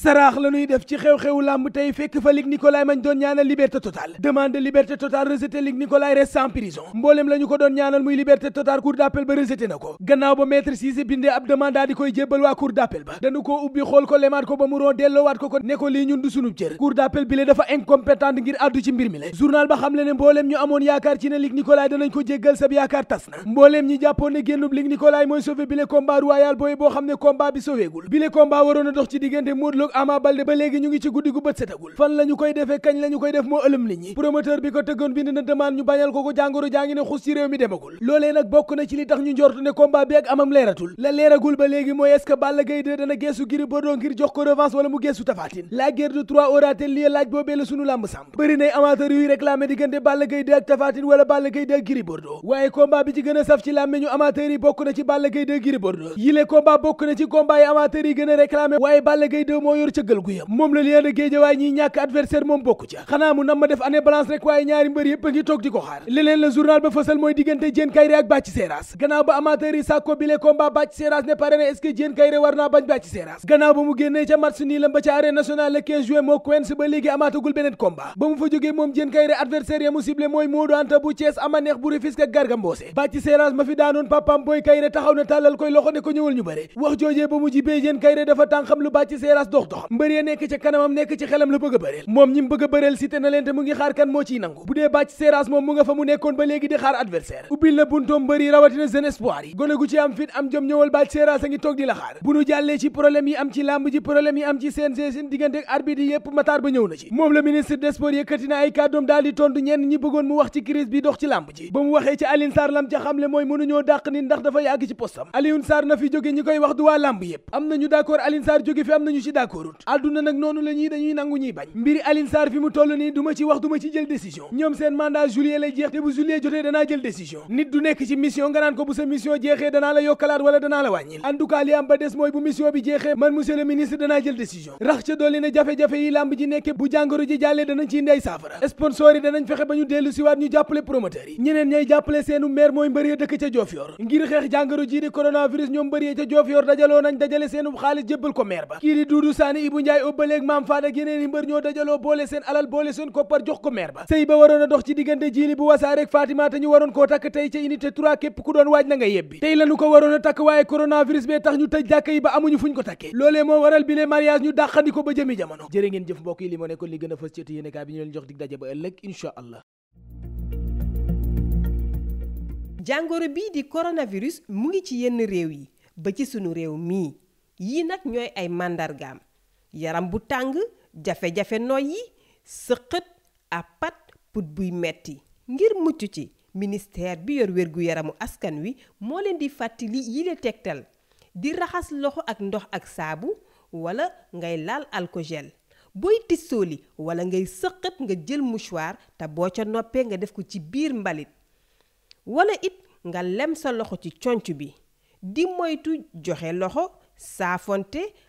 saraax la ñuy def ci xew-xewu làmb tey fekk fa Luc Nicolaï mañ doon ñaanal liberté totale demande liberté totale rejeté Luc Nicolaï reste prison mbooleem la ko doon ñaanal muy liberté totale cour d'appel ba rejeté na ko gannaaw ba maître Cissé bindee ab demande di koy jébbal waa cour d'appel ba dañu koo ubbi xool ko lemaat ko ba mu roo delloowaat ko ko ne ko ñun du sunub cër cour d'appel bi dafa incompétente ngir addu ci mbir mi le journal mook Ama Baldé ba léegi ñu ngi ci guddi gu bët setagul fan la ñu koy defee kañ la ñu koy def moo ëlëm nit ñi promoteur bi ko tëggoon bind na demande ñu bañal ko ko jàngoro jaa ngi ne xus ci réew mi demagul loolee nag bokk na ci li tax ñu njortu ne combat bi ak amam leeratul la leeragul ba léegi mooy est-ce que dana geesu Gris Bordeaux ngir jox ko revanche wala mu geesu Tapha Tine la trois oratel lii laaj boobee la sunu làmb sàmb bëri nay amateur yuy réclamé yor ca gël gu moom la leen a géejawaay ñiy ñàkk adversaire moom bokku ca xanaa mu nam ma def année balance rek waaye ñaari mbër yëpp ngi toog di ko xaar leneen la journal ba fësal mooy diggante Diène Kayré ak Bathie Seras gannaaw ba amateur yi sàkko bile combat Bathie Seras ne pare na est-ce que war naa bañ Bathie Seras gannaaw ba mu génnee ca match nii la ba ca arène nationale le 15 juin moo Queens ba léegi amaatagul beneen combat ba mu dox mbër ya nekk ca kanamam nekk ci xelam la bëgg a bëreel moom ñi mu bëgg a bëreel cité na leen te mu ngi xaar kan moo ciy nangu bu dee bàcc séeraas moom mu nga fa mu nekkoon ba léegi di xaar adversaire ubbil la buntoom mbër yi rawatina jeune espoir yi gone gu ci am fit am jom ñëwal bàcc séeraas a ngi toog di la xaar bu nu jàllee ci problème yi am ci làmb ji diggante ak yépp mataar ba ñëw na ci moom la ministre des sports yëkkati na ay kàddoom daal di waxee ci Alioune Sarr lam ca xamle mooy mënuñoo dàq na fi jóge ñi koy wax du waa làmb yépp am nañu d'accord Alioune Sarr jóge d'accordut adduna nag noonu la ñuy dañuy nangu ñuy bañ mbiri Alioune Sarr fi mu toll nii du ma ci wax du ma ci jël décision ñoom seen mandat juillet lay jeex te bu juillet jotee danaa jël décision nit du nekk ci mission nga naan ko bu sa mission jeexee danaa la yokkalaat wala danaa la wàññil en tout ba des mooy bu mission bi jeexee man monsieur le ministre danaa jël décision rax ca dolli ne jafe-jafe yi làmb ji nekke bu jàngoro ji jàllee danañ ciy ndey saafara sponsor jàppale promoteurs yi ñeneen ñay jàppale seenu maire mooy mbër ya dëkk ji di coronavirus ñoom mbër ya ca Diofior dajaloo nañ dajale seenu xaalis jébbal ko Sané i mbër ñoo dajaloo boole seen alal boole seen koppar jox ko maire ba sëy ba waroon a dox ci diggante Djily bu Wassare ak Fatima te ñu waroon koo takk tey ca unité 3 na nga yebbi jàngoro bii di coronavirus mu ngi ci yenn réew yi ba ci sunu réew mii yii nag ñooy ay màndargaam yaram bu tàng jafe-jafe noyyi sëqët apat put buy metti ngir mucc ci ministeer bi yor wérgu yaramu askan wi moo leen di fàttali yile tegtal di raxas loxo ak ndox ak saabu wala ngay laal alkogel booy tissooli wala ngay sëqat nga jël mouchoir te boo ca noppee nga def ko ci biir mbalit wala it nga lem sa loxo ci conc bi di moytu joxe loxo saafonte